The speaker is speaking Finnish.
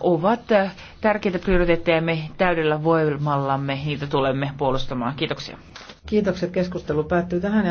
ovat tärkeitä prioriteetteja me täydellä voimallamme niitä tulemme puolustamaan. Kiitoksia. Kiitokset. Keskustelu päättyy tähän